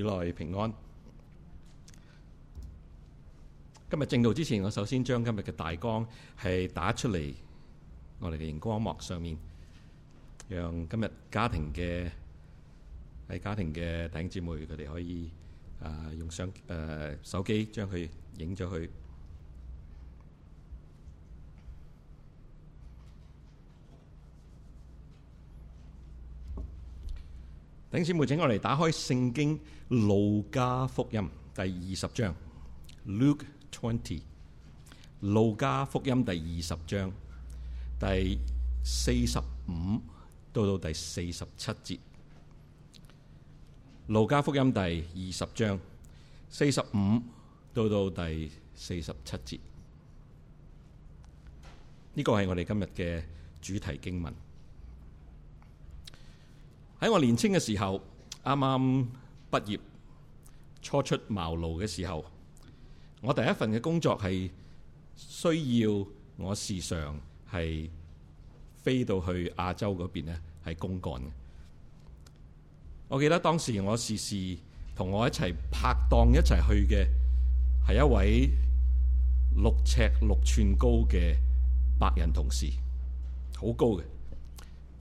以來平安。今日正道之前，我首先將今日嘅大綱係打出嚟，我哋嘅螢光幕上面，讓今日家庭嘅喺家庭嘅弟兄姊妹，佢哋可以啊、呃、用相誒、呃、手機將佢影咗去。弟兄姊妹，請我哋打開聖經路加福音第二十章，Luke Twenty，路加福音第二十章第四十五到到第四十七節，路加福音第二十章四十五到到第四十七節，呢個係我哋今日嘅主題經文。喺我年青嘅時候，啱啱畢業、初出茅廬嘅時候，我第一份嘅工作係需要我時常係飛到去亞洲嗰邊呢，係公幹嘅。我記得當時我時時同我一齊拍檔一齊去嘅係一位六尺六寸高嘅白人同事，好高嘅。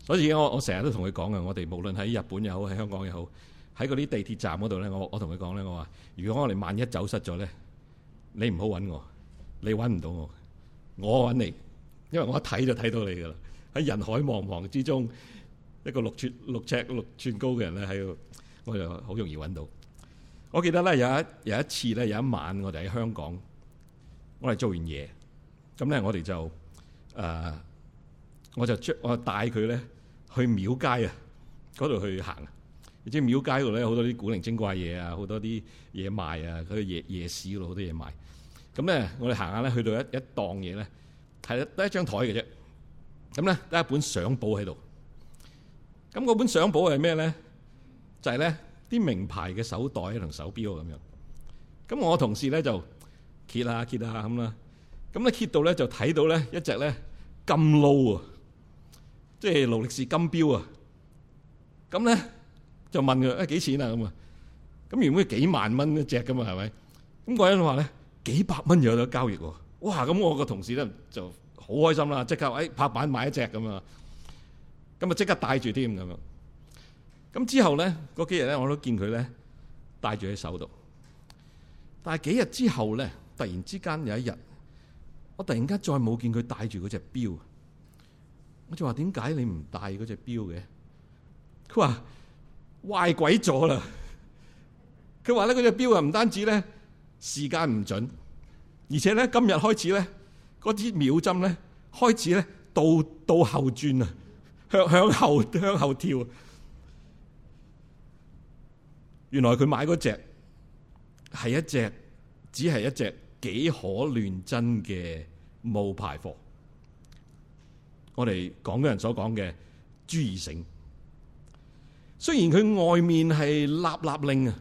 所以我我成日都同佢講嘅，我哋無論喺日本又好，喺香港又好，喺嗰啲地鐵站嗰度咧，我我同佢講咧，我話：如果我哋萬一走失咗咧，你唔好揾我，你揾唔到我，我揾你，因為我一睇就睇到你㗎喇。喺人海茫茫之中，一個六寸六尺六寸高嘅人咧喺度，我就好容易揾到。我記得咧有一有一次咧有一晚我哋喺香港，我哋做完嘢，咁咧我哋就誒、呃，我就將我帶佢咧。去廟街啊，嗰度去行啊，即係廟街嗰度咧，好多啲古靈精怪嘢啊，好多啲嘢賣啊，嗰啲夜夜市嗰度好多嘢賣。咁咧，我哋行下咧，去到一一檔嘢咧，係得一張台嘅啫。咁咧，得一本相簿喺度。咁嗰本相簿係咩咧？就係咧啲名牌嘅手袋同手表咁樣。咁我同事咧就揭下揭下咁啦。咁咧揭到咧就睇到咧一隻咧咁 low 啊！即係勞力士金表啊！咁咧就問佢，誒、哎、幾錢啊？咁啊，咁原本幾萬蚊一隻噶嘛，係咪？咁、那個人話咧幾百蚊有得交易喎！哇！咁我個同事咧就好開心啦，即刻誒、哎、拍板買一隻咁啊！咁啊即刻戴住添咁樣。咁之後咧嗰幾日咧我都見佢咧戴住喺手度，但係幾日之後咧突然之間有一日，我突然間再冇見佢戴住嗰隻表。我就話，點解你唔戴嗰隻表嘅？佢話壞鬼咗啦。佢話咧嗰隻表啊，唔單止咧時間唔準，而且咧今日開始咧嗰啲秒針咧開始咧倒倒後轉啊，向向後向後跳。原來佢買嗰隻係一隻，只係一隻幾可亂真嘅冒牌貨。我哋廣東人所講嘅朱義盛，雖然佢外面係立立令啊，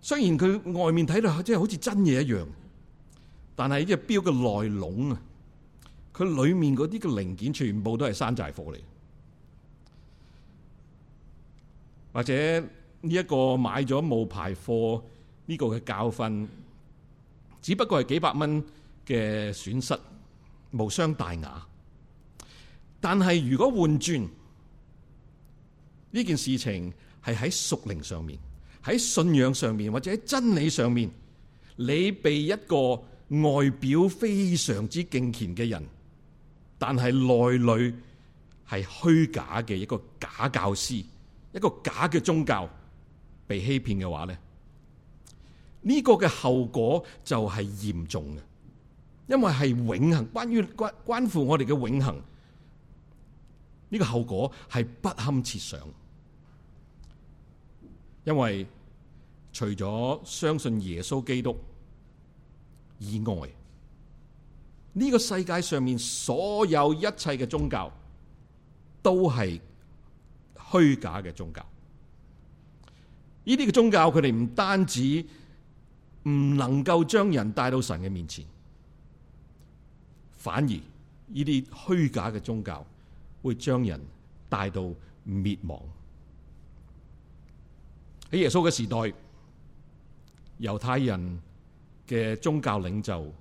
雖然佢外面睇到即係好似真嘢一樣，但係呢隻表嘅內籠啊，佢裏面嗰啲嘅零件全部都係山寨貨嚟，或者呢一、這個買咗冒牌貨呢、這個嘅教訓，只不過係幾百蚊嘅損失，無傷大雅。但係，如果換轉呢件事情係喺屬靈上面、喺信仰上面或者喺真理上面，你被一個外表非常之敬虔嘅人，但係內裏係虛假嘅一個假教師、一個假嘅宗教被欺騙嘅話呢，呢、呢個嘅後果就係嚴重嘅，因為係永恆，關於關關乎我哋嘅永恆。呢個後果係不堪設想，因為除咗相信耶穌基督以外，呢個世界上面所有一切嘅宗教都係虛假嘅宗教。呢啲嘅宗教，佢哋唔單止唔能夠將人帶到神嘅面前，反而呢啲虛假嘅宗教，會將人帶到滅亡。喺耶穌嘅時代，猶太人嘅宗教領袖，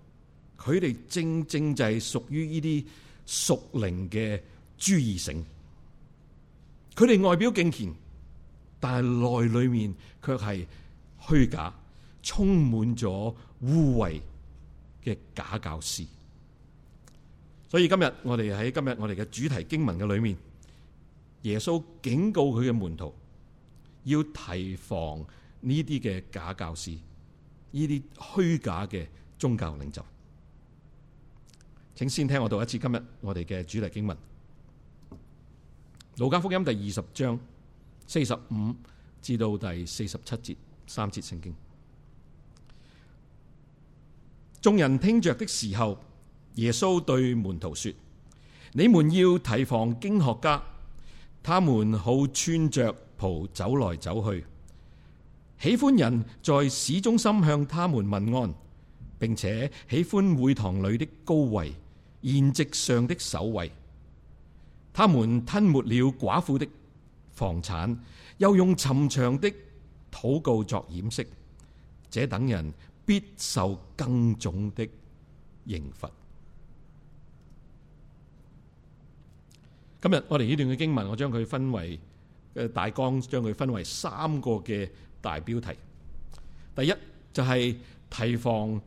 佢哋正正就係屬於呢啲屬靈嘅主義性。佢哋外表敬虔，但係內裏面卻係虛假，充滿咗污穢嘅假教師。所以今日我哋喺今日我哋嘅主題經文嘅裏面，耶穌警告佢嘅門徒要提防呢啲嘅假教師，呢啲虛假嘅宗教領袖。請先聽我讀一次今日我哋嘅主題經文《路加福音》第二十章四十五至到第四十七節三節聖經。眾人聽着的時候。耶穌對門徒說：你們要提防經學家，他們好穿着袍走來走去，喜歡人在市中心向他們問安，並且喜歡會堂裏的高位、筵席上的首位。他們吞沒了寡婦的房產，又用冗長的禱告作掩飾。這等人必受更重的刑罰。今日我哋呢段嘅經文，我將佢分為嘅大綱，將佢分為三個嘅大標題。第一就係提防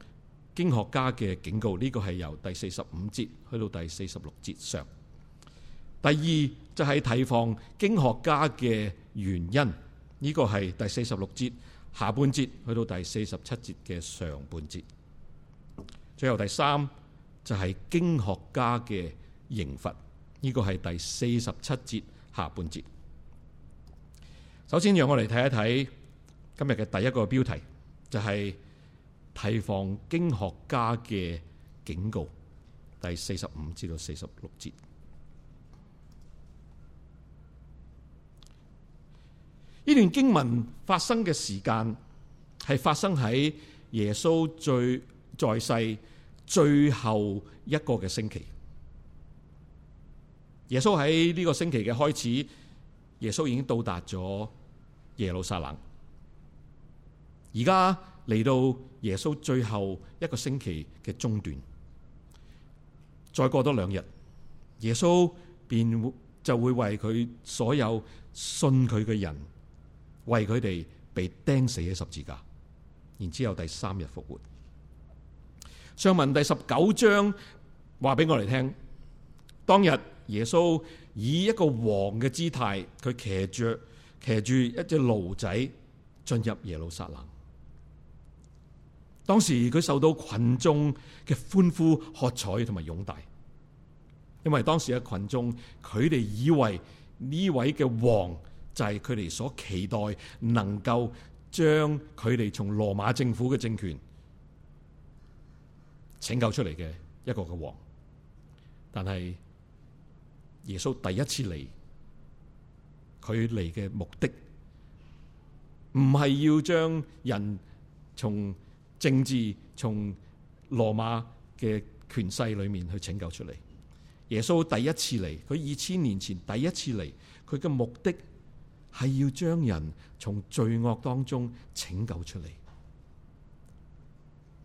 經學家嘅警告，呢個係由第四十五節去到第四十六節上。第二就係提防經學家嘅原因，呢個係第四十六節下半節去到第四十七節嘅上半節。最後第三就係經學家嘅刑罰。呢個係第四十七節下半節。首先，讓我嚟睇一睇今日嘅第一個標題，就係提防經學家嘅警告第，第四十五至到四十六節。呢段經文發生嘅時間係發生喺耶穌最在世最後一個嘅星期。耶穌喺呢個星期嘅開始，耶穌已經到達咗耶路撒冷。而家嚟到耶穌最後一個星期嘅中段，再過多兩日，耶穌便就會為佢所有信佢嘅人，為佢哋被釘死喺十字架，然之後第三日復活。上文第十九章話俾我哋聽，當日。耶穌以一個王嘅姿態，佢騎著騎住一隻驢仔進入耶路撒冷。當時佢受到群眾嘅歡呼喝彩同埋擁戴，因為當時嘅群眾佢哋，以為呢位嘅王就係佢哋所期待能夠將佢哋從羅馬政府嘅政權拯救出嚟，嘅一個嘅王，但係，耶穌第一次嚟，佢嚟嘅目的唔係要將人從政治、從羅馬嘅權勢裏面去拯救出嚟。耶穌第一次嚟，佢二千年前第一次嚟，佢嘅目的係要將人從罪惡當中拯救出嚟。呢、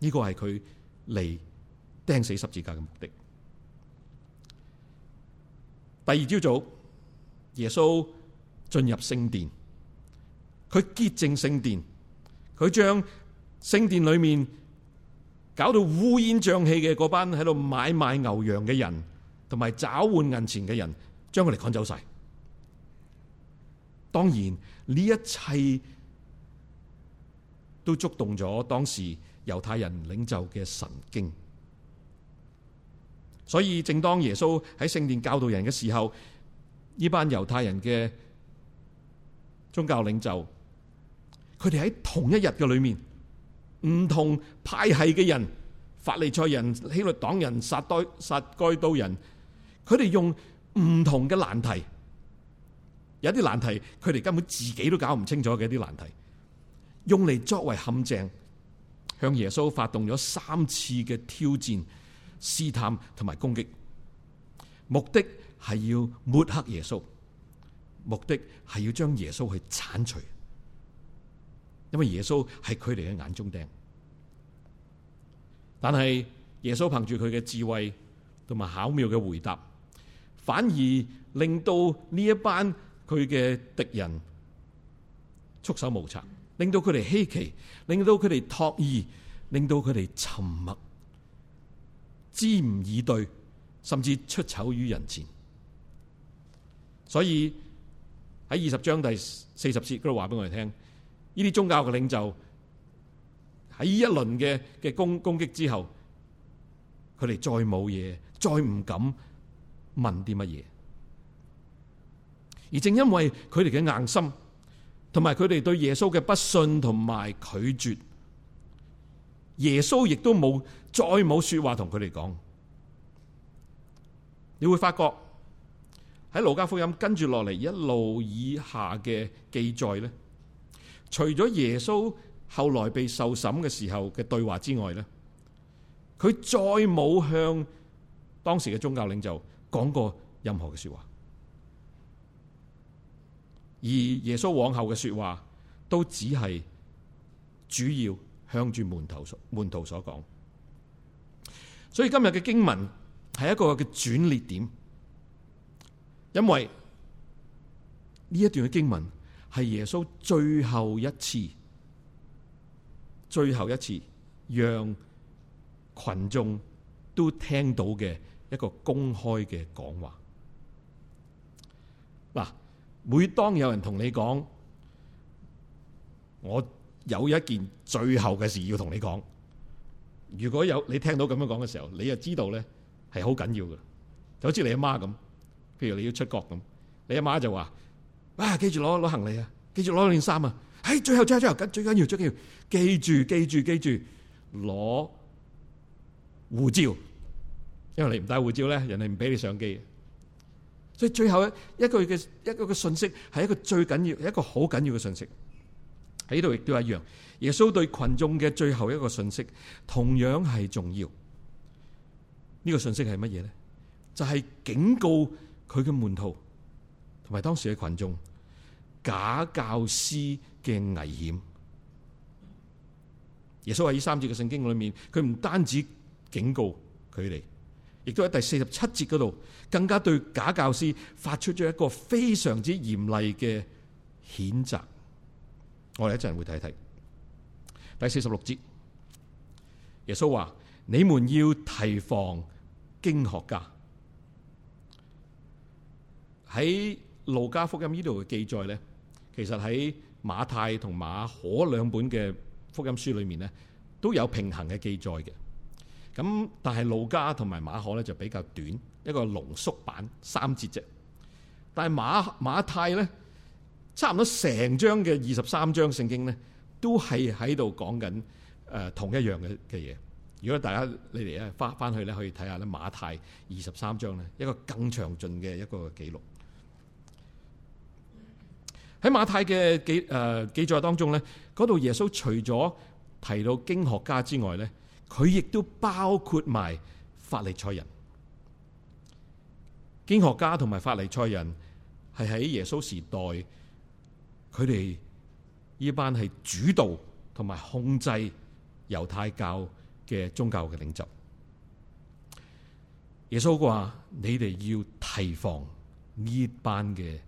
呢個係佢嚟釘死十字架嘅目的。第二朝早，耶穌進入聖殿，佢潔淨聖殿，佢將聖殿裏面搞到烏煙瘴氣嘅嗰班喺度買賣牛羊嘅人，同埋找換銀錢嘅人，將佢哋趕走晒。當然，呢一切都觸動咗當時猶太人領袖嘅神經。所以，正當耶穌喺聖殿教導人嘅時候，呢班猶太人嘅宗教領袖，佢哋喺同一日嘅裏面，唔同派系嘅人，法利賽人、希律黨人、撒該撒都該人，佢哋用唔同嘅難題，有啲難題佢哋根本自己都搞唔清楚嘅一啲難題，用嚟作為陷阱，向耶穌發動咗三次嘅挑戰。試探同埋攻擊，目的係要抹黑耶穌，目的係要將耶穌去鏟除，因為耶穌係佢哋嘅眼中釘。但係耶穌憑住佢嘅智慧同埋巧妙嘅回答，反而令到呢一班佢嘅敵人束手無策，令到佢哋稀奇，令到佢哋托意，令到佢哋沉默。知唔以對，甚至出醜於人前。所以喺二十章第四十節，佢話俾我哋聽：呢啲宗教嘅領袖喺呢一輪嘅嘅攻攻擊之後，佢哋再冇嘢，再唔敢問啲乜嘢。而正因為佢哋嘅硬心，同埋佢哋對耶穌嘅不信同埋拒絕，耶穌亦都冇。再冇說話同佢哋講。你會發覺喺《路加福音》跟住落嚟一路以下嘅記載呢，除咗耶穌後來被受審嘅時候嘅對話之外呢，佢再冇向當時嘅宗教領袖講過任何嘅說話，而耶穌往後嘅說話都只係主要向住門徒門徒所講。所以今日嘅經文係一個嘅轉捩點，因為呢一段嘅經文係耶穌最後一次、最後一次讓群眾都聽到嘅一個公開嘅講話。嗱，每當有人同你講，我有一件最後嘅事要同你講。如果有你聽到咁樣講嘅時候，你就知道咧係好緊要嘅，就好似你阿媽咁，譬如你要出國咁，你阿媽，媽就話：啊，記住攞攞行李啊，記住攞件衫啊，喺、哎、最後最後最後，最緊要最緊要，記住記住記住攞護照，因為你唔帶護照咧，人哋唔俾你上機嘅。所以最後一一句嘅一個嘅信息係一個最緊要，一個好緊要嘅信息喺呢度亦都一樣。耶穌對群眾嘅最後一個信息同樣係重要。呢、這個信息係乜嘢咧？就係、是、警告佢嘅門徒同埋當時嘅群眾假教師嘅危險。耶穌喺呢三節嘅聖經裏面，佢唔單止警告佢哋，亦都喺第四十七節嗰度更加對假教師發出咗一個非常之嚴厲嘅譴責。我哋一陣會睇一睇。第四十六節，耶穌話：你們要提防經學家。喺路加福音呢度嘅記載咧，其實喺馬太同馬可兩本嘅福音書裏面咧，都有平衡嘅記載嘅。咁但係路加同埋馬可咧就比較短，一個濃縮版三節啫。但係馬馬太咧，差唔多成章嘅二十三章聖經咧。都係喺度講緊誒同一樣嘅嘅嘢。如果大家你哋咧翻翻去咧，可以睇下咧馬太二十三章咧，一個更詳盡嘅一個記錄。喺馬太嘅記誒記載當中咧，嗰度耶穌除咗提到經學家之外咧，佢亦都包括埋法利賽人。經學家同埋法利賽人係喺耶穌時代，佢哋。呢班係主導同埋控制猶太教嘅宗教嘅領袖，耶穌話：你哋要提防呢班嘅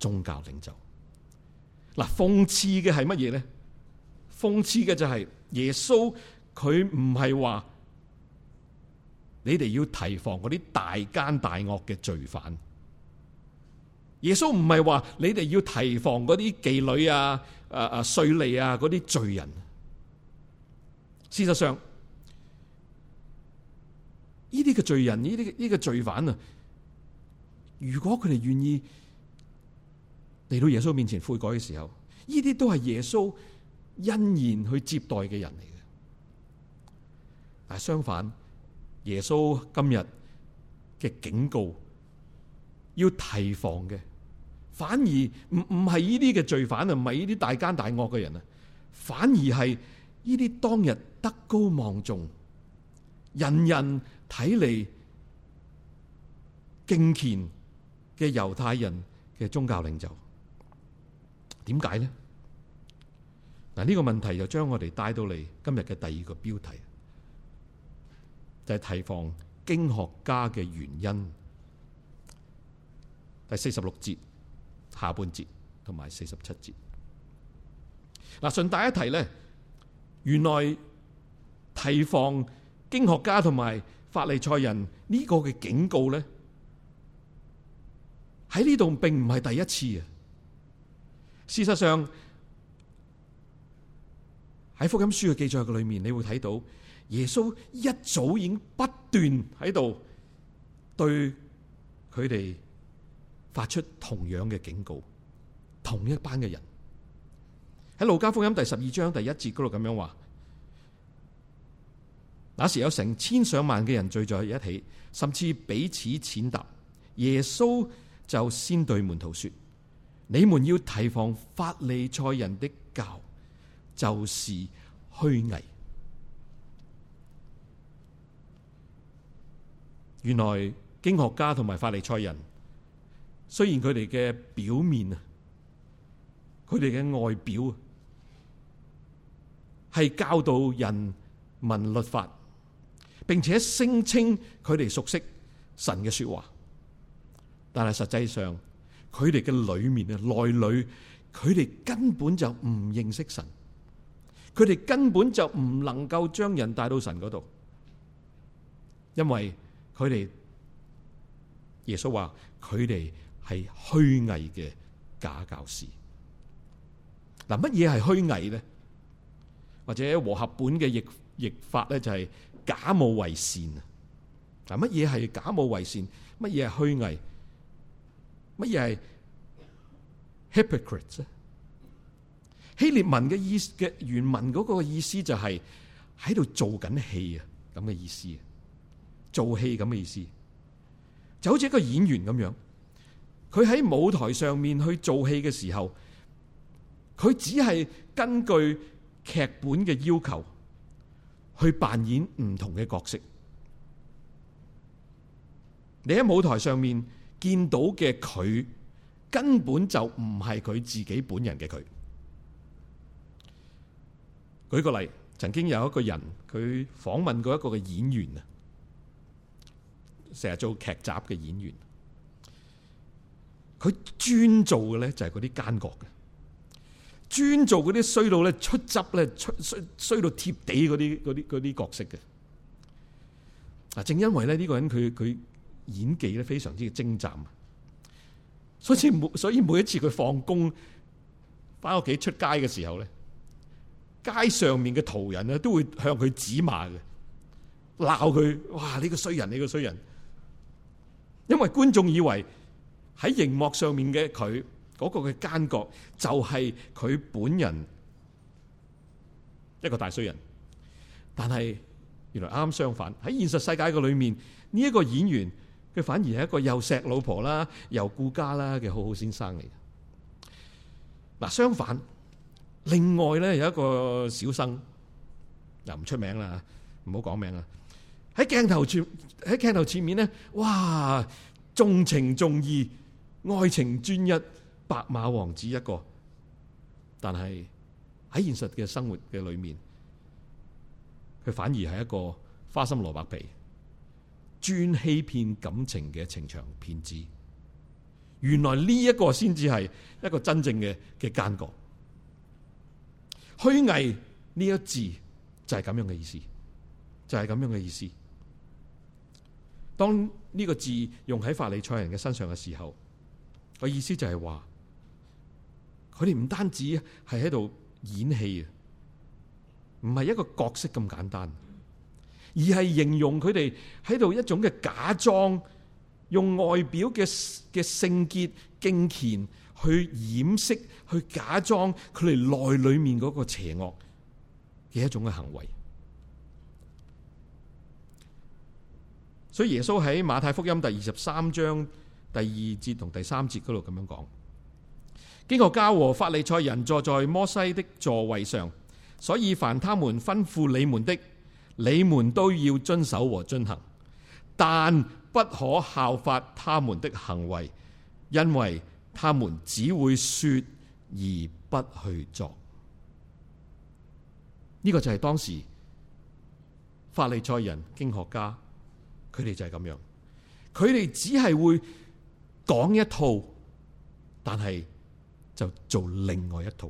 宗教領袖。嗱，諷刺嘅係乜嘢咧？諷刺嘅就係耶穌佢唔係話你哋要提防嗰啲大奸大惡嘅罪犯。耶穌唔係話你哋要提防嗰啲妓女啊、誒、啊、誒、稅吏啊、嗰啲、啊、罪人。事實上，呢啲嘅罪人、呢啲呢個罪犯啊，如果佢哋願意嚟到耶穌面前悔改嘅時候，呢啲都係耶穌欣然去接待嘅人嚟嘅。但係相反，耶穌今日嘅警告，要提防嘅。反而唔唔係呢啲嘅罪犯啊，唔係呢啲大奸大惡嘅人啊，反而係呢啲當日德高望重、人人睇嚟敬虔嘅猶太人嘅宗教領袖。點解呢？嗱、這、呢個問題就將我哋帶到嚟今日嘅第二個標題，就係、是、提防經學家嘅原因。第四十六節。下半節同埋四十七節。嗱，順帶一提呢，原來提防經學家同埋法利賽人呢個嘅警告呢，喺呢度並唔係第一次啊。事實上，喺福音書嘅記載嘅裏面，你會睇到耶穌一早已經不斷喺度對佢哋，發出同樣嘅警告，同一班嘅人喺路加福音第十二章第一節嗰度咁樣話：那時有成千上萬嘅人聚在一起，甚至彼此踐踏。耶穌就先對門徒說：你們要提防法利賽人的酵，就是虛偽。原來經學家同埋法利賽人。雖然佢哋嘅表面啊，佢哋嘅外表係教導人民律法，並且聲稱佢哋熟悉神嘅說話，但係實際上佢哋嘅裏面啊內裏，佢哋根本就唔認識神，佢哋根本就唔能夠將人帶到神嗰度，因為佢哋耶穌話佢哋，係虛偽嘅假教師嗱，乜嘢係虛偽咧？或者和合本嘅譯譯法咧，就係假冒為善啊！嗱，乜嘢係假冒為善？乜嘢係虛偽？乜嘢係 hypocrites 啊？Hy 希臘文嘅意思嘅原文嗰個意思就係喺度做緊戲啊，咁嘅意思，做戲咁嘅意思，就好似一個演員咁樣。佢喺舞台上面去做戲嘅時候，佢只係根據劇本嘅要求去扮演唔同嘅角色。你喺舞台上面見到嘅佢，根本就唔係佢自己本人嘅佢。舉個例，曾經有一個人，佢訪問過一個嘅演員啊，成日做劇集嘅演員。佢專做嘅咧就係嗰啲奸角嘅，專做嗰啲衰到咧出汁咧，出衰衰到貼地嗰啲啲啲角色嘅。嗱，正因為咧呢個人佢佢演技咧非常之精湛，所以每所以每一次佢放工翻屋企出街嘅時候咧，街上面嘅途人咧都會向佢指罵嘅，鬧佢，哇！你個衰人，你個衰人，因為觀眾以為。喺熒幕上面嘅佢嗰個嘅奸角，就係佢本人一個大衰人。但係原來啱相反，喺現實世界嘅裏面，呢一個演員佢反而係一個又錫老婆啦，又顧家啦嘅好好先生嚟。嗱，相反，另外咧有一個小生又唔出名啦，唔好講名啊！喺鏡頭前喺鏡頭前面咧，哇，重情重義，愛情專一，白馬王子一個，但係喺現實嘅生活嘅裏面，佢反而係一個花心蘿蔔皮，專欺騙感情嘅情場騙子。原來呢一個先至係一個真正嘅嘅奸角。虛偽呢一字就係咁樣嘅意思，就係、是、咁樣嘅意思。當呢個字用喺法利賽人嘅身上嘅時候。個意思就係話，佢哋唔單止係喺度演戲啊，唔係一個角色咁簡單，而係形容佢哋喺度一種嘅假裝，用外表嘅嘅聖潔敬虔去掩飾，去假裝佢哋內裏面嗰個邪惡嘅一種嘅行為。所以耶穌喺馬太福音第二十三章。第二節同第三節嗰度咁樣講，經學家和法利賽人坐在摩西的座位上，所以凡他們吩咐你們的，你們都要遵守和遵行，但不可效法他們的行為，因為他們只會說而不去做。呢、這個就係當時法利賽人經學家，佢哋就係咁樣，佢哋只係會。講一套，但係就做另外一套，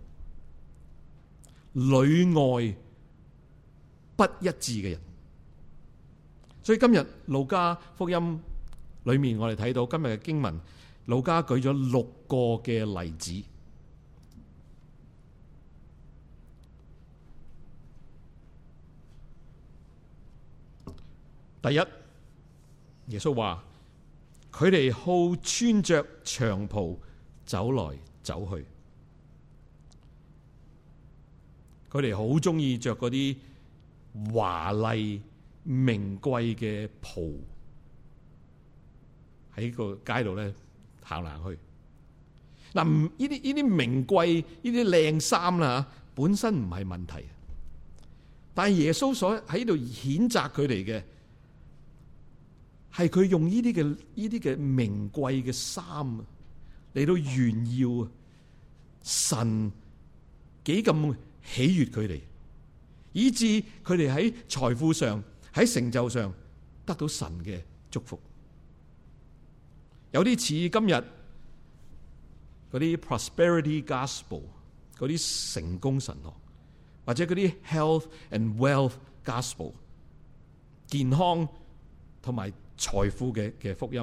裏外不一致嘅人。所以今日《路加福音》裏面，我哋睇到今日嘅經文，路加舉咗六個嘅例子。第一，耶穌話。佢哋好穿着長袍走來走去，佢哋好中意着嗰啲華麗名貴嘅袍，喺個街度咧行嚟行去。嗱，呢啲呢啲名貴呢啲靚衫啦，本身唔係問題，但係耶穌所喺度譴責佢哋嘅。係佢用呢啲嘅呢啲嘅名貴嘅衫嚟到炫耀啊！神幾咁喜悅佢哋，以致佢哋喺財富上、喺成就上得到神嘅祝福。有啲似今日嗰啲 Prosperity Gospel，嗰啲成功神學，或者嗰啲 Health and Wealth Gospel，健康同埋。財富嘅嘅福音，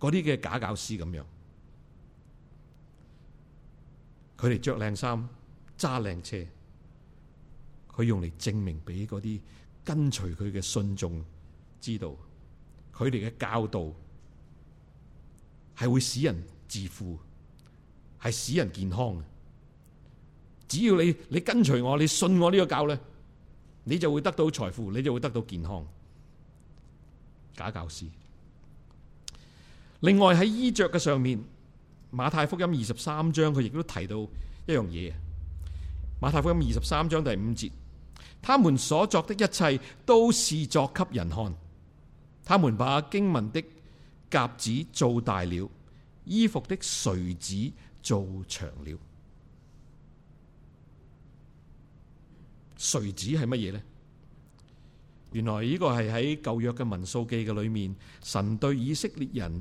嗰啲嘅假教師咁樣，佢哋着靚衫揸靚車，佢用嚟證明俾嗰啲跟隨佢嘅信眾知道，佢哋嘅教導係會使人致富，係使人健康嘅。只要你你跟隨我，你信我呢個教咧，你就會得到財富，你就會得到健康。假教師。另外喺衣着嘅上面，馬太福音二十三章佢亦都提到一樣嘢。馬太福音二十三章第五節，他們所作的一切都是作給人看。他們把經文的夾子做大了，衣服的垂子做長了。垂子係乜嘢呢？原來呢個係喺舊約嘅民數記嘅裏面，神對以色列人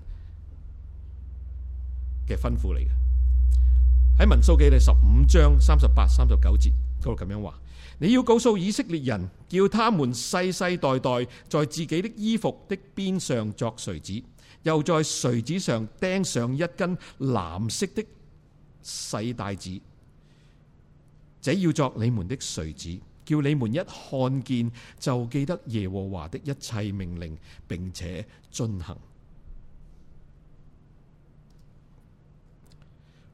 嘅吩咐嚟嘅。喺民數記第十五章三十八、三十九節都咁樣話：你要告訴以色列人，叫他們世世代代在自己的衣服的邊上作穗子，又在穗子上釘上一根藍色的細帶子，這要作你們的穗子。叫你們一看見就記得耶和華的一切命令，並且進行。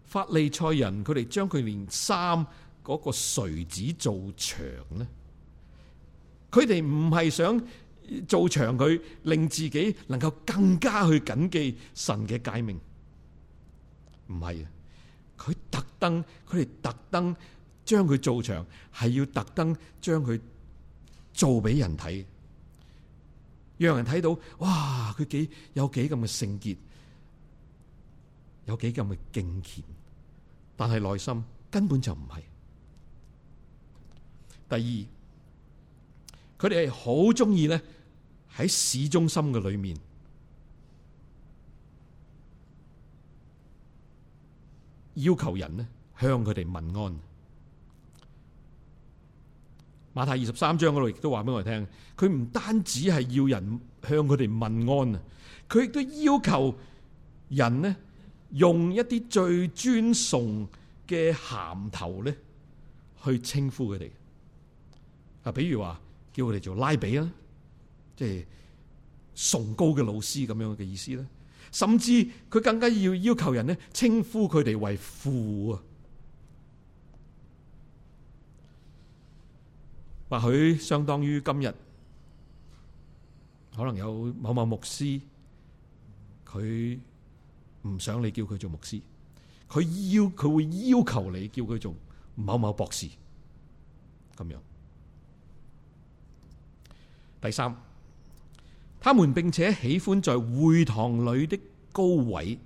法利賽人佢哋將佢連衫嗰個垂子做長呢？佢哋唔係想做長佢，令自己能夠更加去謹記神嘅誡命，唔係啊！佢特登，佢哋特登。將佢做長係要特登將佢做俾人睇，讓人睇到，哇，佢幾有幾咁嘅聖潔，有幾咁嘅敬虔，但係內心根本就唔係。第二，佢哋係好中意咧喺市中心嘅裏面要求人呢向佢哋問安。馬太二十三章嗰度亦都話俾我哋聽，佢唔單止係要人向佢哋問安啊，佢亦都要求人咧用一啲最尊崇嘅銜頭咧去稱呼佢哋。啊，比如話叫佢哋做拉比啦，即係崇高嘅老師咁樣嘅意思啦。甚至佢更加要要求人咧稱呼佢哋為父啊。或許相當於今日，可能有某某牧師，佢唔想你叫佢做牧師，佢要佢會要求你叫佢做某某博士，咁樣。第三，他們並且喜歡在會堂裏的高位。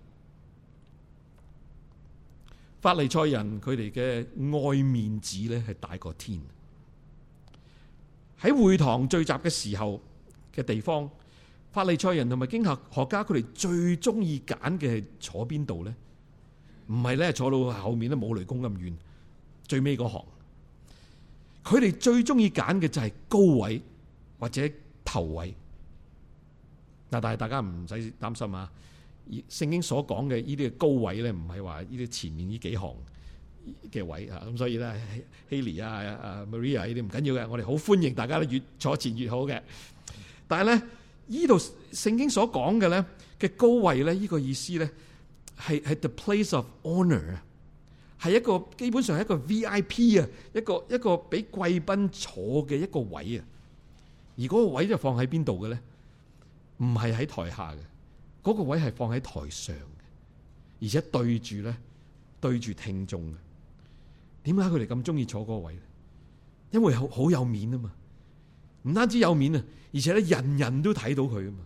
法利賽人，佢哋嘅愛面子咧係大過天。喺會堂聚集嘅時候嘅地方，法利賽人同埋經學學家佢哋最中意揀嘅係坐邊度咧？唔係咧坐到後面都冇雷公咁遠，最尾嗰行。佢哋最中意揀嘅就係高位或者頭位。但係大家唔使擔心啊！聖經所講嘅呢啲嘅高位咧，唔係話呢啲前面呢幾行。嘅位啊，咁所以咧，希利啊、啊 Maria 呢啲唔緊要嘅，我哋好歡迎大家咧，越坐前越好嘅。但係咧，呢度聖經所講嘅咧嘅高位咧，呢個意思咧係係 the place of honor 啊，係一個基本上係一個 VIP 啊，一個一個俾貴賓坐嘅一個位啊。而嗰個位就放喺邊度嘅咧？唔係喺台下嘅，嗰個位係放喺台上嘅，而且對住咧對住聽眾嘅。點解佢哋咁中意坐嗰個位咧？因為好好有面啊嘛，唔單止有面啊，而且咧人人都睇到佢啊嘛。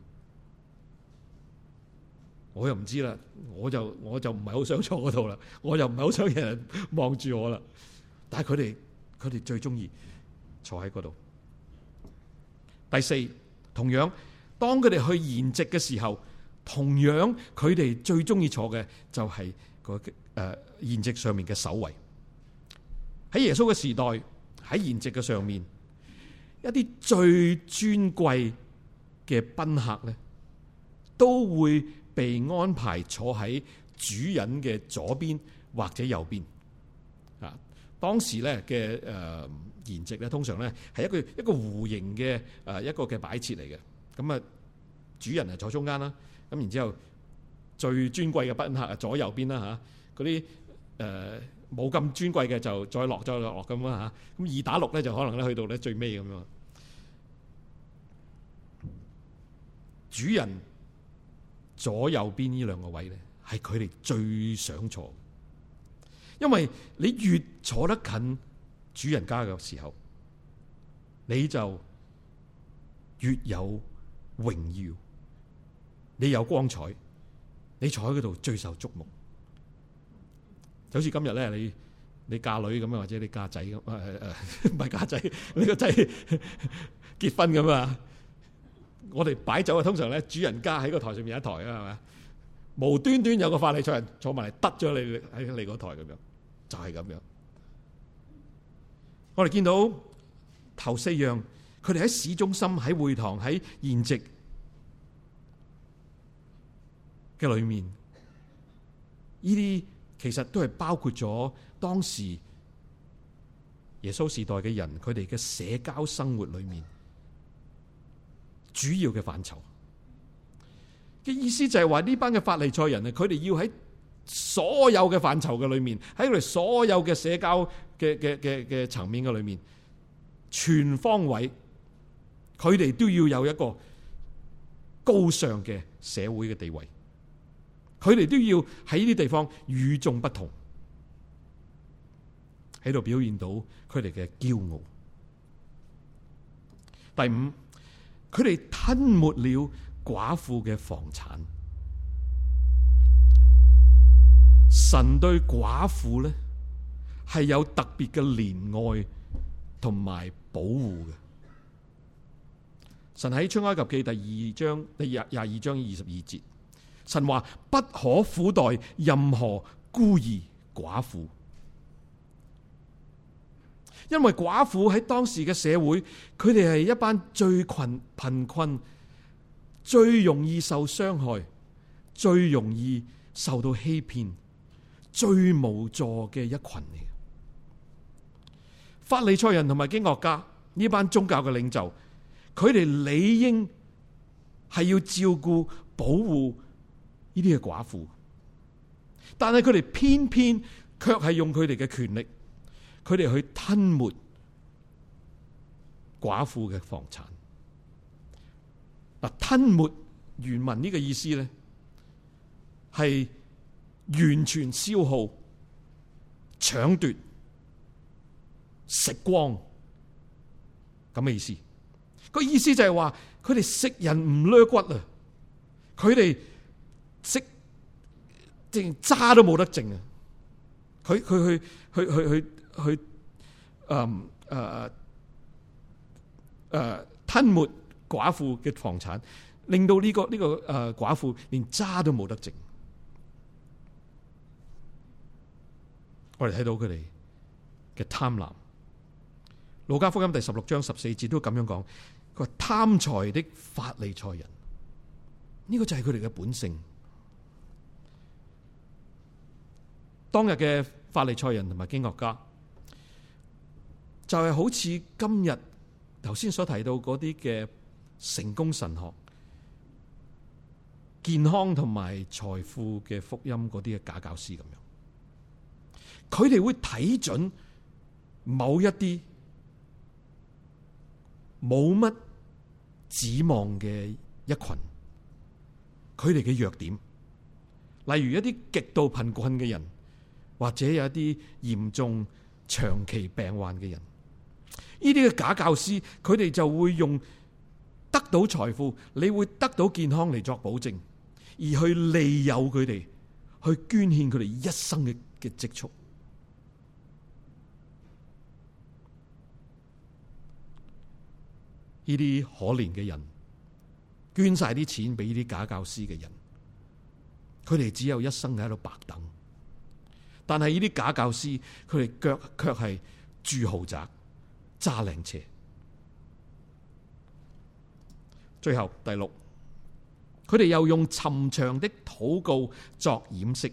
我又唔知啦，我就我就唔係好想坐嗰度啦，我就唔係好想有人望住我啦。但係佢哋佢哋最中意坐喺嗰度。第四，同樣當佢哋去筵席嘅時候，同樣佢哋最中意坐嘅就係嗰個誒筵席上面嘅首位。喺耶穌嘅時代，喺筵席嘅上面，一啲最尊貴嘅賓客咧，都會被安排坐喺主人嘅左邊或者右邊。啊，當時咧嘅誒筵席咧，通常咧係一個一個弧形嘅誒一個嘅擺設嚟嘅。咁啊，主人係坐中間啦，咁然之後最尊貴嘅賓客啊，左右邊啦吓，嗰啲誒。呃冇咁尊貴嘅就再落咗落咁樣吓，咁二打六咧就可能咧去到咧最尾咁樣。主人左右邊呢兩個位咧，係佢哋最想坐，因為你越坐得近主人家嘅時候，你就越有榮耀，你有光彩，你坐喺嗰度最受矚目。就好似今日咧，你你嫁女咁啊，或者你嫁仔咁，誒誒，唔係嫁仔，你個仔結婚咁啊！我哋擺酒啊，通常咧，主人家喺個台上面有一台啊，係咪啊？無端端有個法利賽人坐埋嚟，得咗你喺你嗰台咁，就係，樣，就係咁樣。我哋見到頭四樣，佢哋喺市中心、喺會堂、喺宴席嘅裏面，呢啲。其實都係包括咗當時耶穌時代嘅人，佢哋嘅社交生活裏面主要嘅範疇嘅意思就係話呢班嘅法利賽人啊，佢哋要喺所有嘅範疇嘅裏面，喺佢哋所有嘅社交嘅嘅嘅嘅層面嘅裏面，全方位佢哋都要有一個高尚嘅社會嘅地位。佢哋都要喺呢啲地方與眾不同，喺度表現到佢哋嘅驕傲。第五，佢哋吞沒了寡婦嘅房產。神對寡婦咧，係有特別嘅憐愛同埋保護嘅。神喺《出埃及記》第二章第廿廿二章二十二節。神話不可苦待任何孤兒寡婦，因為寡婦喺當時嘅社會，佢哋係一班最窮、貧困、最容易受傷害、最容易受到欺騙、最無助嘅一群嚟嘅。法利賽人同埋經學家呢班宗教嘅領袖，佢哋理應係要照顧、保護。呢啲係寡婦，但係佢哋偏偏卻係用佢哋嘅權力，佢哋去吞沒寡婦嘅房產。嗱，吞沒原文呢個意思咧，係完全消耗、搶奪、食光咁嘅意思。那個意思就係話，佢哋食人唔掠骨啊，佢哋。識連渣都冇得剩啊！佢佢去去去去去，去，嗯誒誒、啊啊、吞沒寡婦嘅房產，令到呢、這個呢、這個誒寡婦連渣都冇得剩。我哋睇到佢哋嘅貪婪。路加福音第十六章十四節都咁樣講，佢話貪財的法利賽人，呢、這個就係佢哋嘅本性。當日嘅法利賽人同埋經學家，就係好似今日頭先所提到嗰啲嘅成功神學、健康同埋財富嘅福音嗰啲嘅假教師咁樣，佢哋會睇準某一啲冇乜指望嘅一群，佢哋嘅弱點，例如一啲極度貧困嘅人。或者有一啲嚴重、長期病患嘅人，呢啲嘅假教師，佢哋就會用得到財富，你會得到健康嚟，作保證，而去利誘佢哋去捐獻佢哋一生嘅嘅積蓄。呢啲可憐嘅人，捐晒啲錢俾呢啲假教師嘅人，佢哋只有一生喺度白等。但係呢啲假教師，佢哋腳卻係住豪宅、揸靚車。最後第六，佢哋又用沉長的禱告作掩飾。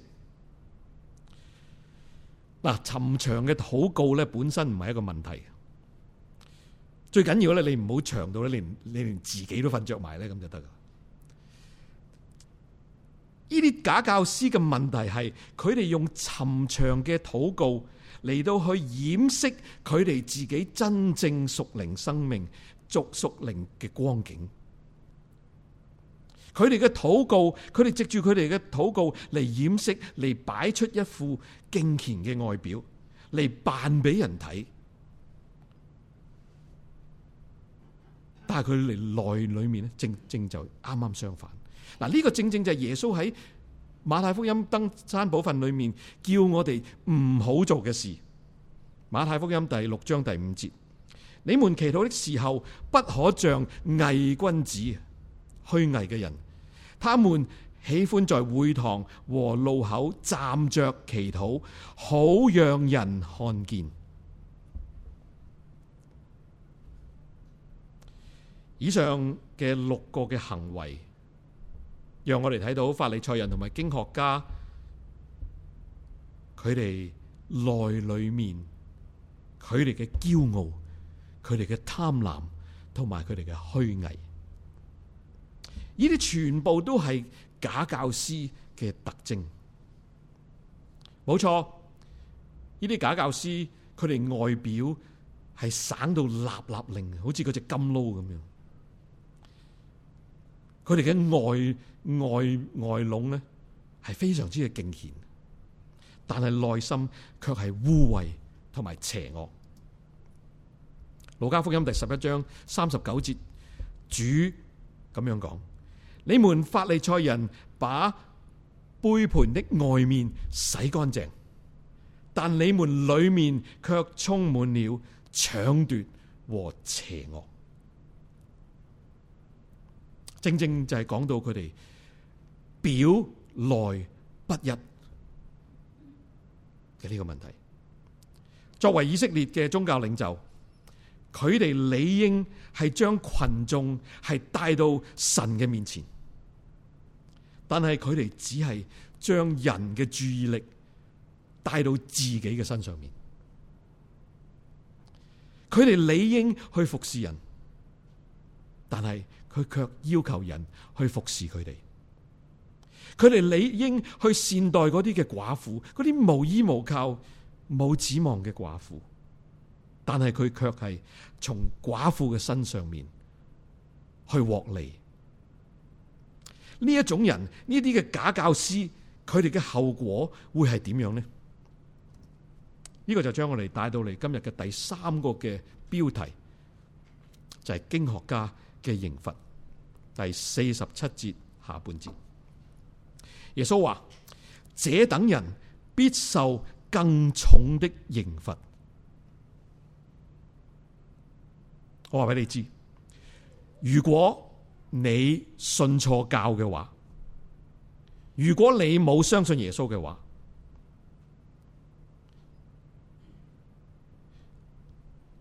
嗱，沉長嘅禱告咧，本身唔係一個問題。最緊要咧，你唔好長到咧，你你連自己都瞓着埋咧，咁就得啦。呢啲假教師嘅問題係，佢哋用尋常嘅禱告嚟到去掩飾佢哋自己真正屬靈生命、屬屬靈嘅光景。佢哋嘅禱告，佢哋藉住佢哋嘅禱告嚟掩飾，嚟擺出一副敬虔嘅外表嚟扮俾人睇。但係佢嚟內裏面咧，正正就啱啱相反。嗱呢個正正就係耶穌喺馬太福音登山寶訓裏面叫我哋唔好做嘅事。馬太福音第六章第五節：你們祈禱的時候，不可像偽君子、虛偽嘅人，他們喜歡在會堂和路口站着祈禱，好讓人看見。以上嘅六個嘅行為，讓我哋睇到法利賽人同埋經學家，佢哋內裏面，佢哋嘅驕傲、佢哋嘅貪婪同埋佢哋嘅虛偽，呢啲全部都係假教師嘅特徵。冇錯，呢啲假教師佢哋外表係省到立立令，好似嗰隻金撈咁樣。佢哋嘅外外外籠呢，係非常之嘅敬虔，但係內心卻係污穢同埋邪惡。《路加福音》第十一章三十九節，主咁樣講：你們法利賽人把杯盤的外面洗乾淨，但你們裏面卻充滿了搶奪和邪惡。正正就係講到佢哋表裡不一嘅呢個問題。作為以色列嘅宗教領袖，佢哋理應係將群眾係帶到神嘅面前，但係佢哋只係將人嘅注意力帶到自己嘅身上面。佢哋理應去服侍人，但係。佢卻要求人去服侍佢哋，佢哋理應去善待嗰啲嘅寡婦，嗰啲無依無靠、冇指望嘅寡婦。但係佢卻係從寡婦嘅身上面去獲利。呢一種人，呢啲嘅假教師，佢哋嘅後果會係點樣呢？呢個就將我哋帶到嚟今日嘅第三個嘅標題，就係經學家嘅刑罰。第四十七節下半節，耶穌話：這等人必受更重的刑罰。我話俾你知，如果你信錯教嘅話，如果你冇相信耶穌嘅話，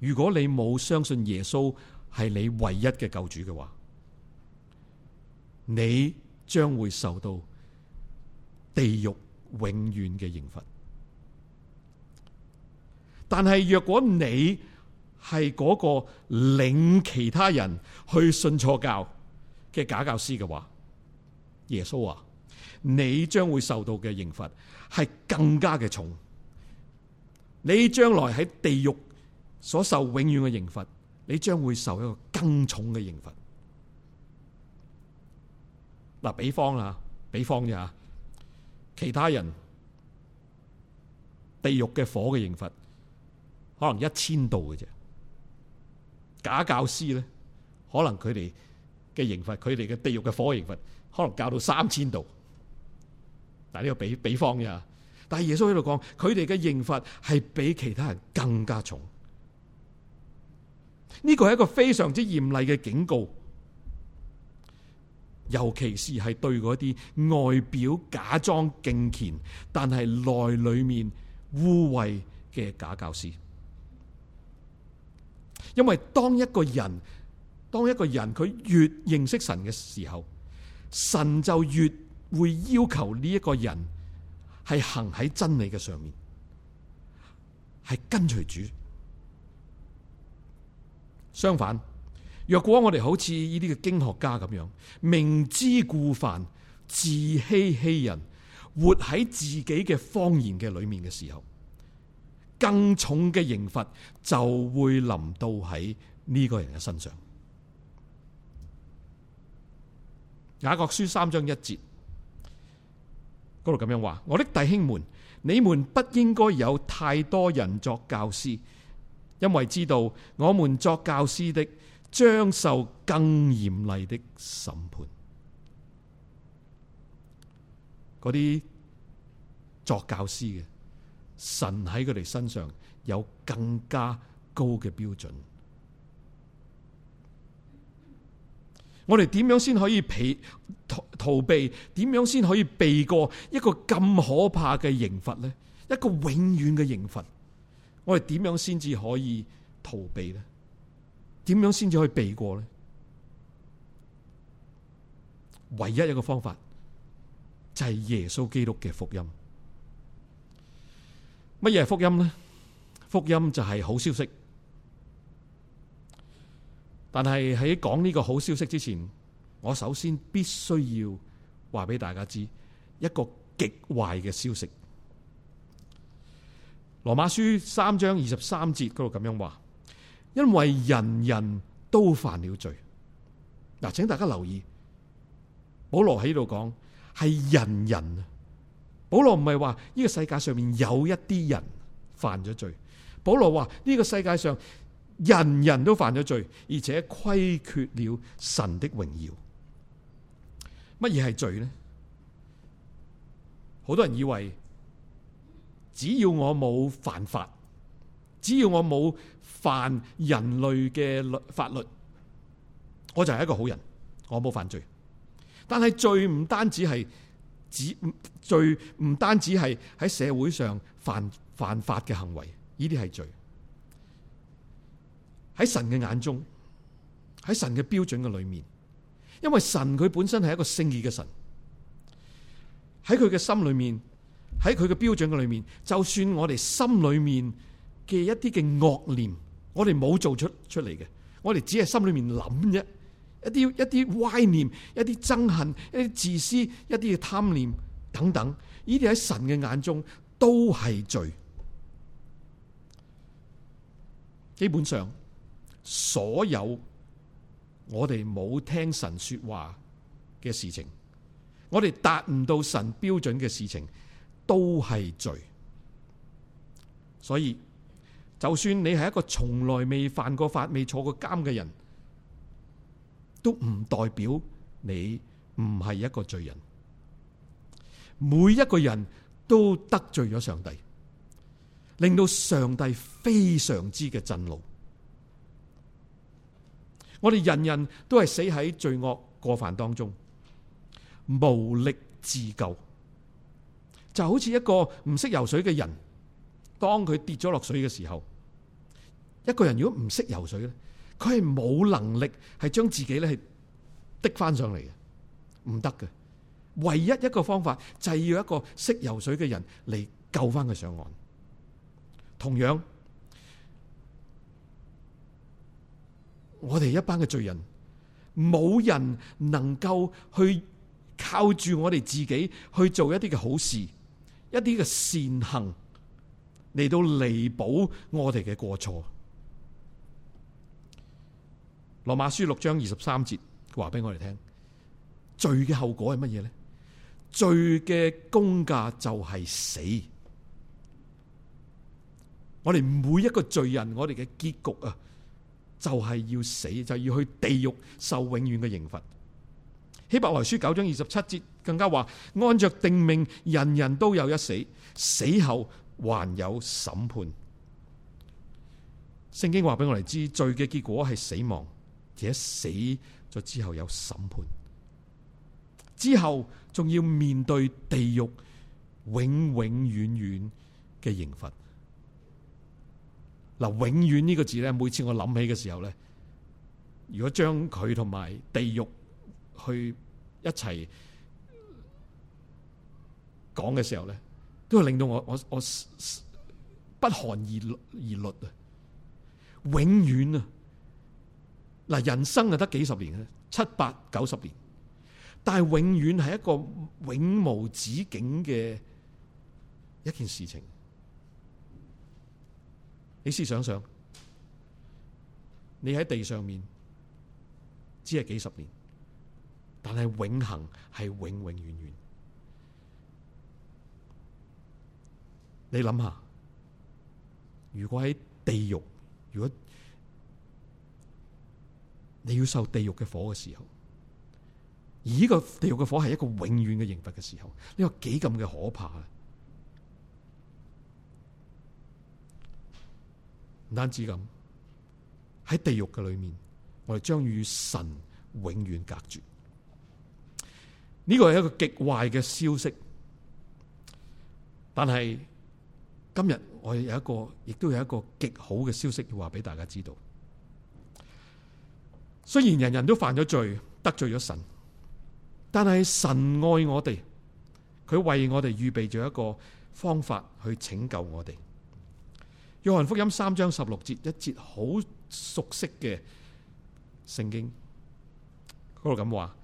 如果你冇相信耶穌係你唯一嘅救主嘅話，你將會受到地獄永遠嘅刑罰。但係若果你係嗰個領其他人去信錯教嘅假教師嘅話，耶穌啊，你將會受到嘅刑罰係更加嘅重。你將來喺地獄所受永遠嘅刑罰，你將會受一個更重嘅刑罰。嗱，比方啊，比方咋嚇，其他人地獄嘅火嘅刑罰可能一千度嘅啫，假教師咧可能佢哋嘅刑罰，佢哋嘅地獄嘅火刑罰可能教到三千度，但係呢個比比方啫，但係耶穌喺度講，佢哋嘅刑罰係比其他人更加重，呢個係一個非常之嚴厲嘅警告。尤其是係對嗰啲外表假裝敬虔，但係內裏面污穢嘅假教師。因為當一個人，當一個人佢越認識神嘅時候，神就越會要求呢一個人係行喺真理嘅上面，係跟隨主。相反。若果我哋好似呢啲嘅經學家咁樣明知故犯、自欺欺人、活喺自己嘅謊言嘅裏面嘅時候，更重嘅刑罰就會臨到喺呢個人嘅身上。雅各書三章一節嗰度咁樣話：「我的弟兄們，你們不應該有太多人作教師，因為知道我們作教師的。將受更嚴厲的審判，嗰啲作教師嘅神喺佢哋身上有更加高嘅標準。我哋點樣先可以避逃避？點樣先可以避過一個咁可怕嘅刑罰呢？一個永遠嘅刑罰，我哋點樣先至可以逃避呢？點樣先至可以避過呢？唯一一個方法就係耶穌基督嘅福音。乜嘢係福音呢？福音就係好消息。但係喺講呢個好消息之前，我首先必須要話俾大家知一個極壞嘅消息。羅馬書三章二十三節嗰度咁樣話。因為人人都犯了罪，嗱，請大家留意，保羅喺度講係人人，保羅唔係話呢個世界上面有一啲人犯咗罪，保羅話呢個世界上人人都犯咗罪，而且虧缺了神的榮耀。乜嘢係罪呢？好多人以為只要我冇犯法，只要我冇。犯人類嘅律法律，我就係一個好人，我冇犯罪。但係罪唔單止係指罪唔單止係喺社會上犯犯法嘅行為，呢啲係罪。喺神嘅眼中，喺神嘅標準嘅裏面，因為神佢本身係一個聖義嘅神，喺佢嘅心裏面，喺佢嘅標準嘅裏面，就算我哋心裏面嘅一啲嘅惡念。我哋冇做出出嚟嘅，我哋只係心裏面諗啫，一啲一啲歪念，一啲憎恨，一啲自私，一啲嘅貪念等等，呢啲喺神嘅眼中都係罪。基本上，所有我哋冇聽神說話嘅事情，我哋達唔到神標準嘅事情，都係罪。所以，就算你係一個從來未犯過法、未坐過監嘅人，都唔代表你唔係一個罪人。每一個人都得罪咗上帝，令到上帝非常之嘅震怒。我哋人人都係死喺罪惡過犯當中，無力自救，就好似一個唔識游水嘅人，當佢跌咗落水嘅時候。一個人如果唔識游水咧，佢係冇能力係將自己咧係的翻上嚟嘅，唔得嘅。唯一一個方法就係要一個識游水嘅人嚟救翻佢上岸。同樣，我哋一班嘅罪人，冇人能夠去靠住我哋自己去做一啲嘅好事，一啲嘅善行嚟到彌補我哋嘅過錯。羅馬書六章二十三節話俾我哋聽，罪嘅後果係乜嘢呢？罪嘅公價就係死。我哋每一個罪人，我哋嘅結局啊，就係要死，就要去地獄受永遠嘅刑罰。希伯來書九章二十七節更加話，按着定命，人人都有一死，死後還有審判。聖經話俾我哋知，罪嘅結果係死亡。且死咗之後有審判，之後仲要面對地獄永永遠遠嘅刑罰。嗱，永遠呢個字咧，每次我諗起嘅時候咧，如果將佢同埋地獄去一齊講嘅時候咧，都係令到我我我不寒而而慄啊！永遠啊！嗱，人生啊，得幾十年，七八九十年，但係永遠係一個永無止境嘅一件事情。你試想想，你喺地上面，只係幾十年，但係永恆係永永遠遠。你諗下，如果喺地獄，如果？你要受地獄嘅火嘅時候，而呢個地獄嘅火係一個永遠嘅刑罰嘅時候，呢個幾咁嘅可怕啊！唔單止咁，喺地獄嘅裏面，我哋將與神永遠隔絕。呢個係一個極壞嘅消息，但係今日我哋有一個，亦都有一個極好嘅消息要話俾大家知道。雖然人人都犯咗罪，得罪咗神，但係神愛我哋，佢為我哋預備咗一個方法去拯救我哋。約翰福音三章十六節一節好熟悉嘅聖經嗰度咁話：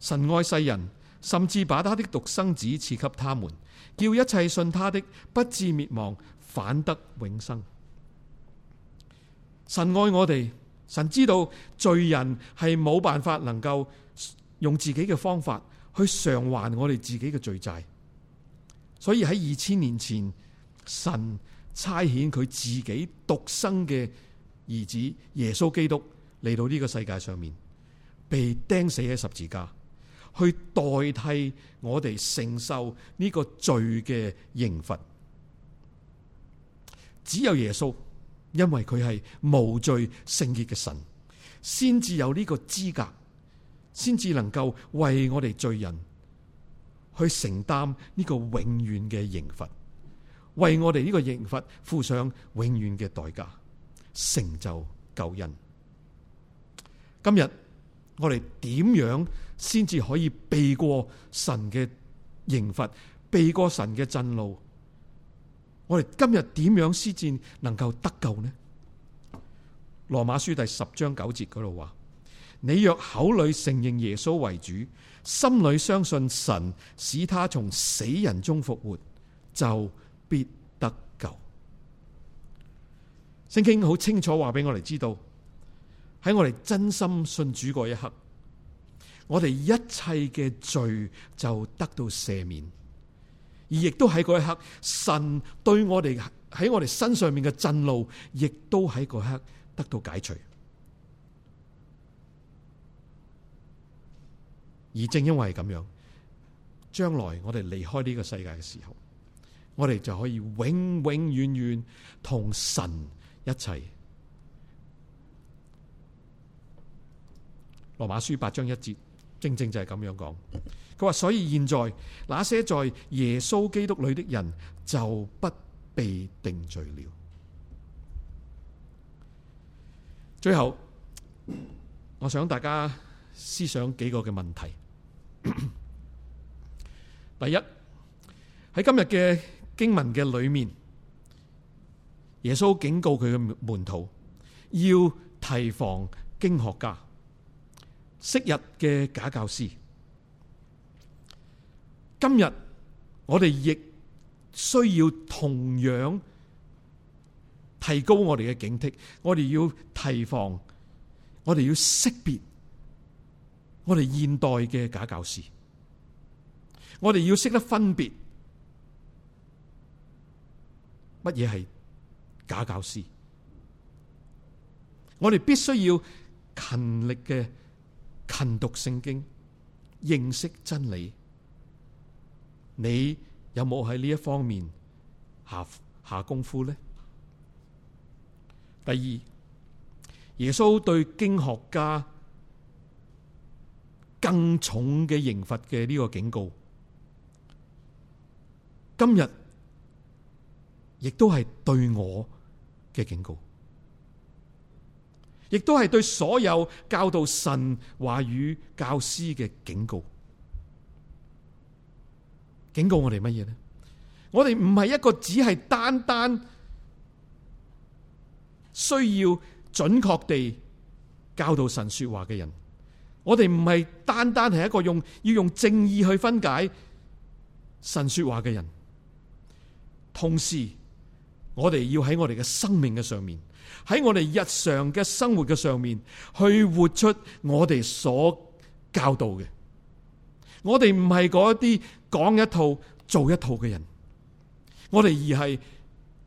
神愛世人，甚至把他的獨生子賜給他們，叫一切信他的不至滅亡，反得永生。神愛我哋。神知道罪人係冇辦法能夠用自己嘅方法去償還我哋自己嘅罪債，所以喺二千年前，神差遣佢自己獨生嘅兒子耶穌基督嚟到呢個世界上面，被釘死喺十字架，去代替我哋承受呢個罪嘅刑罰。只有耶穌。因為佢係無罪聖潔嘅神，先至有呢個資格，先至能夠為我哋罪人去承擔呢個永遠嘅刑罰，為我哋呢個刑罰付上永遠嘅代價，成就救恩。今日我哋點樣先至可以避過神嘅刑罰，避過神嘅震怒？我哋今日點樣施戰能夠得救呢？羅馬書第十章九節嗰度話：「你若口裡承認耶穌為主，心裡相信神使他從死人中復活，就必得救。聖經好清楚話俾我哋知道，喺我哋真心信主嗰一刻，我哋一切嘅罪就得到赦免。而亦都喺嗰一刻，神對我哋喺我哋身上面嘅震怒，亦都喺嗰刻得到解除。而正因為咁樣，將來我哋離開呢個世界嘅時候，我哋就可以永永遠遠同神一齊。羅馬書八章一節，正正就係咁樣講。佢話，所以現在那些在耶穌基督裏的人就不被定罪了。最後，我想大家思想幾個嘅問題。第一，喺今日嘅經文嘅裏面，耶穌警告佢嘅門徒要提防經學家、昔日嘅假教師。今日我哋亦需要同樣提高我哋嘅警惕，我哋要提防，我哋要識別我哋現代嘅假教師，我哋要識得分別乜嘢係假教師，我哋必須要勤力嘅勤讀聖經，認識真理。你有冇喺呢一方面下下功夫呢？第二，耶穌對經學家更重嘅刑罰嘅呢個警告，今日亦都係對我嘅警告，亦都係對所有教導神話語教師嘅警告。警告我哋乜嘢咧？我哋唔係一個只係單單需要準確地教導神說話嘅人，我哋唔係單單係一個用要用正意去分解神說話嘅人，同時我哋要喺我哋嘅生命嘅上面，喺我哋日常嘅生活嘅上面，去活出我哋所教導嘅。我哋唔係嗰一啲講一套做一套嘅人，我哋而係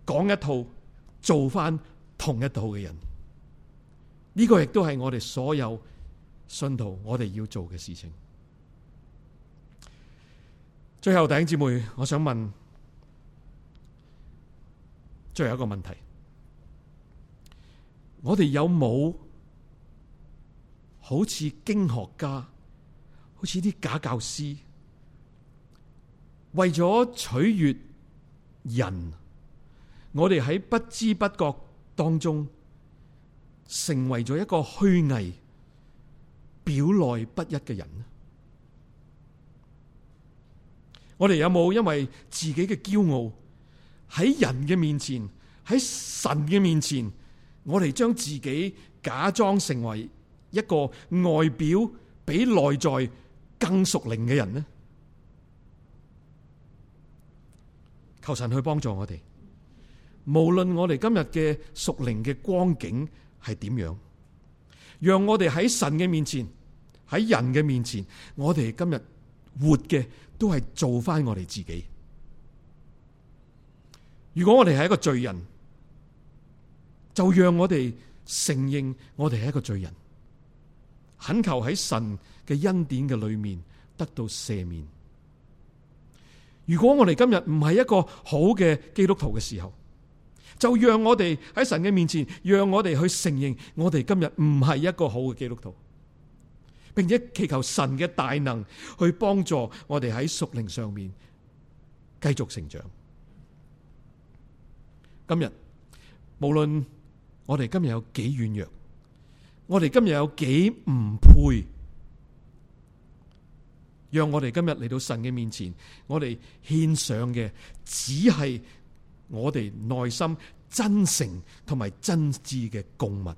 講一套做翻同一套嘅人。呢個亦都係我哋所有信徒我哋要做嘅事情。最後，弟兄姊妹，我想問，最後一個問題，我哋有冇好似經學家？好似啲假教師，為咗取悅人，我哋喺不知不覺當中，成為咗一個虛偽、表內不一嘅人。我哋有冇因為自己嘅驕傲，喺人嘅面前，喺神嘅面前，我哋將自己假裝成為一個外表比內在更屬靈嘅人呢？求神去幫助我哋。無論我哋今日嘅屬靈嘅光景係點樣，讓我哋喺神嘅面前，喺人嘅面前，我哋今日活嘅都係做翻我哋自己。如果我哋係一個罪人，就讓我哋承認我哋係一個罪人。懇求喺神嘅恩典嘅裏面得到赦免。如果我哋今日唔係一個好嘅基督徒嘅時候，就讓我哋喺神嘅面前，讓我哋去承認我哋今日唔係一個好嘅基督徒，並且祈求神嘅大能去幫助我哋喺屬靈上面繼續成長今天。今日無論我哋今日有幾軟弱。我哋今日有幾唔配？讓我哋今日嚟到神嘅面前，我哋獻上嘅只係我哋內心真誠同埋真摯嘅供物。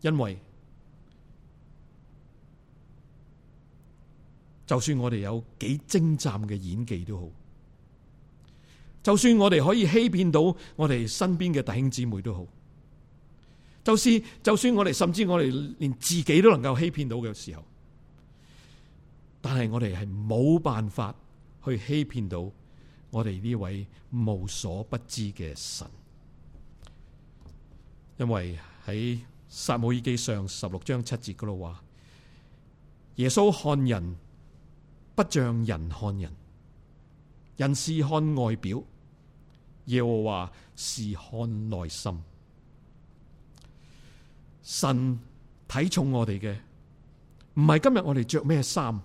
因為就算我哋有幾精湛嘅演技都好，就算我哋可以欺騙到我哋身邊嘅弟兄姊妹都好。就是，就算我哋甚至我哋連自己都能夠欺騙到嘅時候，但係我哋係冇辦法去欺騙到我哋呢位無所不知嘅神，因為喺撒母耳記上十六章七節嗰度話，耶穌看人不像人看人，人是看外表，耶和華是看內心。神睇重我哋嘅，唔係今日我哋着咩衫。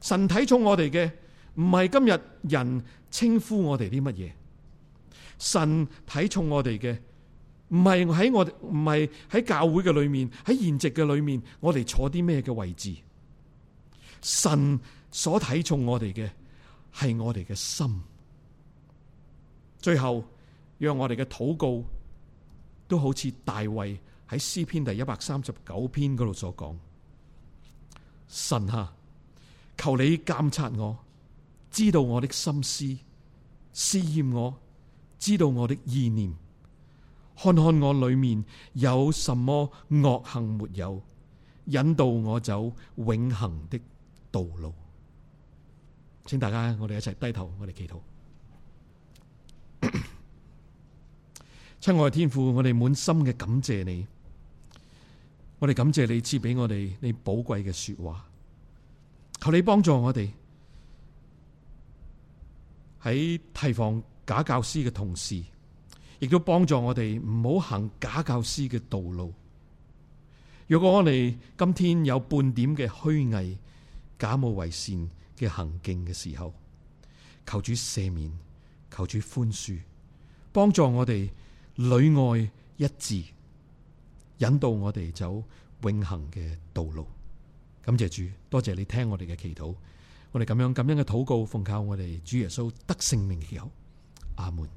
神睇重我哋嘅，唔係今日人稱呼我哋啲乜嘢。神睇重我哋嘅，唔係喺我哋，唔係喺教會嘅裏面，喺筵席嘅裏面，我哋坐啲咩嘅位置。神所睇重我哋嘅係我哋嘅心。最後讓我哋嘅禱告都好似大衛。喺詩篇第一百三十九篇嗰度所講，神啊，求你監察我，知道我的心思，試驗我，知道我的意念，看看我裏面有什麼惡行沒有，引導我走永恒的道路。請大家，我哋一齊低頭，我哋祈禱。親愛的天父，我哋滿心嘅感謝你。我哋感謝你賜俾我哋你寶貴嘅說話，求你幫助我哋喺提防假教師嘅同時，亦都幫助我哋唔好行假教師嘅道路。如果我哋今天有半點嘅虛偽、假冒為善嘅行徑嘅時候，求主赦免，求主寬恕，幫助我哋裏外一致。引導我哋走永恒嘅道路，感謝主，多謝你聽我哋嘅祈禱，我哋咁樣咁樣嘅禱告，奉靠我哋主耶穌得聖名嘅時候，阿門。